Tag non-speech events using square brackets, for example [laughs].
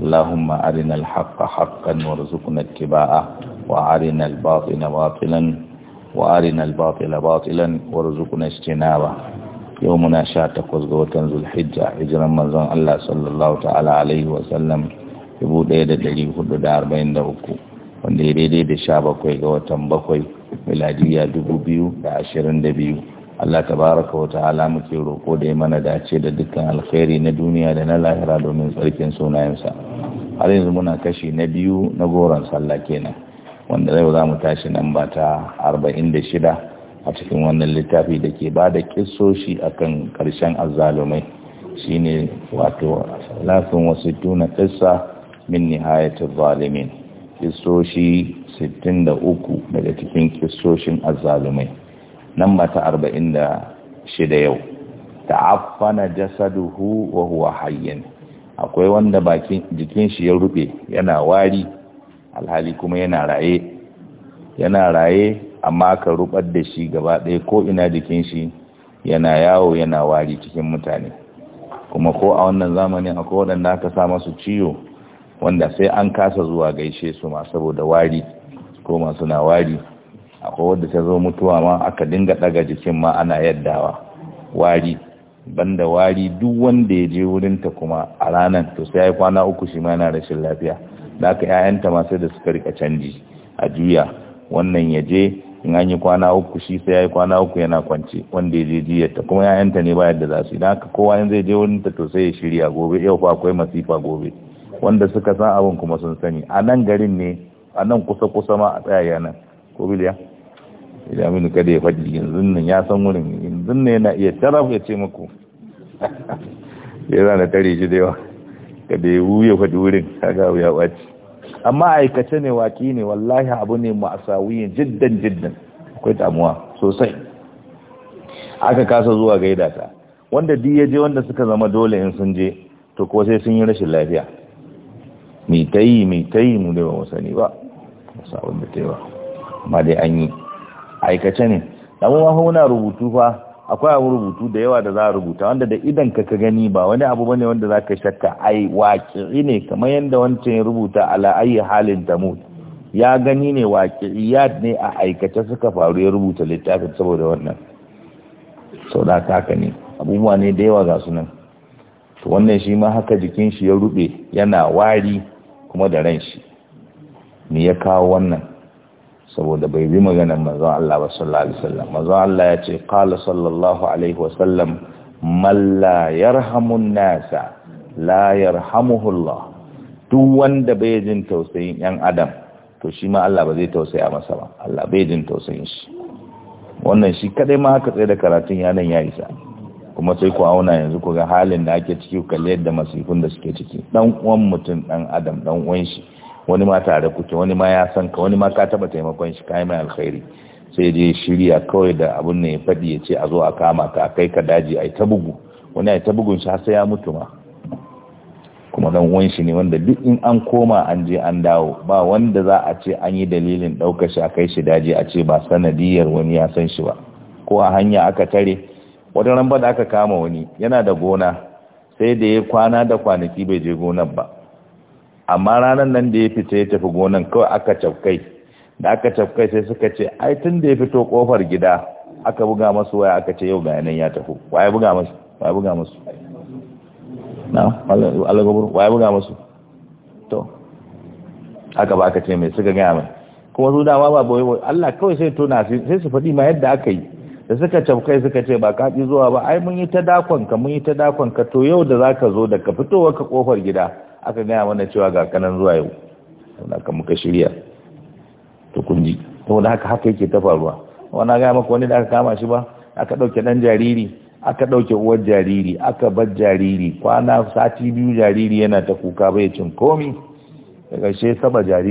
اللهم أرنا الحق حقا وارزقنا اتباعه وأرنا الباطل باطلا وأرنا الباطل باطلا وارزقنا اجتنابه يومنا شاتك وزغوة ذو الحجة إجرا منزون الله صلى الله تعالى عليه وسلم يبود إيدا دليه دار بين دوكو wanda ya daidai da sha bakwai ga watan bakwai miladiya dubu biyu da ashirin da biyu Allah tabaraka wa ta'ala muke roƙo da ya mana dace da dukkan alkhairi na duniya da na lahira domin tsarkin sunayensa har yanzu muna kashi na biyu na goron sallah kenan wanda zai za mu tashi nan ba ta arba'in da shida a cikin wannan littafi da ke ba da kisoshi a akan karshen azzalumai shine wato lafin wasu tuna kisa min nihayatul zalimin kisoshi 63 daga cikin kisoshin azzalumai nan mata arba'in da shida yau ta'affana jasaduhu wa huwa hayyan akwai wanda bakin jikin shi ya rube yana wari alhali kuma yana raye yana raye amma ka rubar da shi gaba ɗaya ko ina jikin shi yana yawo yana wari cikin mutane kuma ko a wannan zamanin akwai waɗanda aka sa masu ciwo wanda sai an kasa zuwa gaishe su ma saboda wari ko masu na wari akwai wadda ta zo mutuwa ma aka dinga daga jikin ma ana yaddawa wari banda wari duk wanda ya je wurinta kuma a ranar to sai ya kwana uku shi ma yana rashin lafiya da aka yayanta ma sai da suka rika canji a juya wannan ya je in an yi kwana uku shi sai ya yi kwana uku yana kwance wanda ya je jiyarta kuma yayanta ne bayar da za su yi da aka kowa yanzu zai je wurinta to sai ya shirya gobe yau fa akwai masifa gobe wanda suka san abin kuma sun sani a nan garin ne a nan kusa kusa ma a tsaya nan ko biliya idan minu kada ya faɗi yanzu nan ya san wurin yanzu nan yana iya taraf ya ce muku [laughs] ya zana tare shi da yawa kada ya wuya faɗi wurin kaga ya ɓaci amma aikace ne waki ne wallahi abu ne ma'asawiyin jiddan jiddan akwai damuwa sosai aka kasa zuwa gaida ta wanda di ya je wanda suka zama dole in sun je to ko sai sun yi rashin lafiya mai ta mai ta mu ne ba musani sani ba musa wanda ta yi amma dai an yi aikace ne amma ma muna rubutu fa akwai abu rubutu da yawa da za a rubuta wanda da idan ka ka gani ba wani abu bane wanda za ka shakka ai waƙi'i ne kamar yadda wancan ya rubuta ala ayi halin tamut ya gani ne ya ne a aikace suka faru ya rubuta littafin saboda wannan sau da haka ne abubuwa ne da yawa ga su nan to wannan shi ma haka jikin shi ya rube yana wari kuma da ran shi me ya kawo wannan saboda bai bi maganar manzon Allah ba sallallahu alaihi Allah ya ce qala sallallahu alaihi wasallam man yarhamun nasa la yarhamuhu Allah duk wanda bai jin tausayin yan adam to shi ma Allah ba zai tausaya masa ba Allah bai jin tausayin shi wannan shi kadai ma haka tsaye da karatun yanan ya isa kuma sai ku auna yanzu ku ga halin da ake ciki kalle yadda masifin da suke ciki dan uwan mutum ɗan adam dan uwan shi wani ma tare kuke wani ma ya san ka wani ma ka taba taimakon shi kai mai alkhairi sai je shirya kawai da abun ne ya fadi ya ce a zo a kama ka a kai ka daji aita ta bugu wani aita ta bugun shi har sai ya mutu ma kuma dan uwan shi ne wanda duk in an koma an je an dawo ba wanda za a ce an yi dalilin ɗaukar shi a kai shi daji a ce ba sanadiyar wani ya san shi ba ko a hanya aka tare wata ran ba da aka kama wani yana da gona sai da ya kwana da kwanaki bai je gonar ba amma ranar nan da ya fita ya tafi gonan kawai aka cafkai da aka cafkai sai suka ce ai tun da ya fito kofar gida aka buga masu waya aka ce yau ga yanan ya tafi waya buga masu waya buga masu na alagabur waya buga masu to haka ba aka ce mai suka gaya mai kuma su dama ba boye Allah kawai sai tona sai su faɗi ma yadda aka yi da suka cafkai suka ce ba kaɗi zuwa ba ai mun yi ta dakon ka mun yi ta dakon ka to yau da zaka zo daga fitowar ka kofar gida aka gaya mana cewa ga kanan zuwa yau wanda aka muka shirya ta kunji wanda haka haka yake ta faruwa wanda gaya maka wani da aka kama shi ba aka ɗauke ɗan jariri aka ɗauke uwar jariri aka bar jariri kwana sati biyu jariri yana ta kuka bai cin komi daga she saba jariri